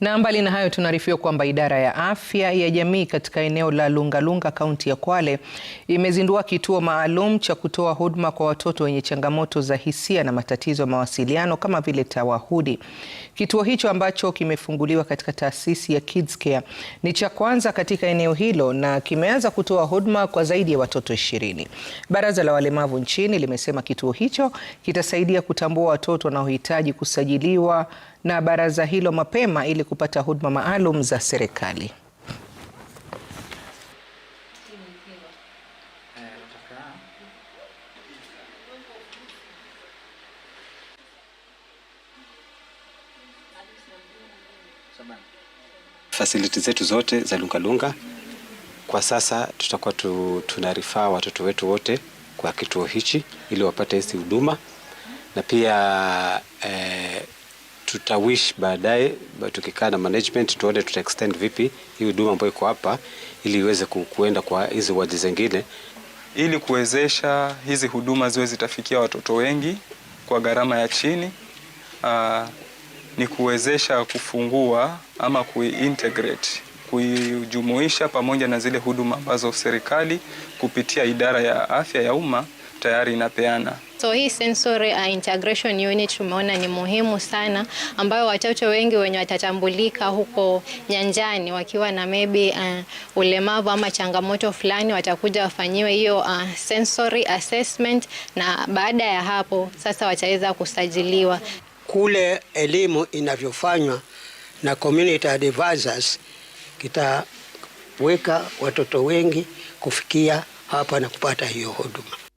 Na mbali na hayo tunaarifiwa kwamba idara ya afya ya jamii katika eneo la Lungalunga kaunti ya Kwale imezindua kituo maalum cha kutoa huduma kwa watoto wenye changamoto za hisia na matatizo ya mawasiliano kama vile tawahudi. Kituo hicho ambacho kimefunguliwa katika taasisi ya Kids Care ni cha kwanza katika eneo hilo na kimeanza kutoa huduma kwa zaidi ya watoto ishirini. Baraza la walemavu nchini limesema kituo hicho kitasaidia kutambua watoto wanaohitaji kusajiliwa na baraza hilo mapema ili kupata huduma maalum za serikali. Fasiliti zetu zote za Lungalunga kwa sasa tutakuwa tu, tunarifaa watoto wetu wote kwa kituo hichi ili wapate hizi huduma na pia eh, tutawish baadaye tukikaa na management tuone tuta extend vipi hii huduma ambayo iko hapa ili iweze kuenda kwa hizi wadi zingine, ili kuwezesha hizi huduma ziwe zitafikia watoto wengi kwa gharama ya chini. Aa, ah, ni kuwezesha kufungua ama kuintegrate kuijumuisha pamoja na zile huduma ambazo serikali kupitia idara ya afya ya umma tayari inapeana. So hii sensory uh, integration unit tumeona ni muhimu sana, ambayo watoto wengi wenye watatambulika huko nyanjani wakiwa na maybe uh, ulemavu ama changamoto fulani, watakuja wafanyiwe hiyo uh, sensory assessment, na baada ya hapo sasa wataweza kusajiliwa. Kule elimu inavyofanywa na community advisors kitaweka watoto wengi kufikia hapa na kupata hiyo huduma.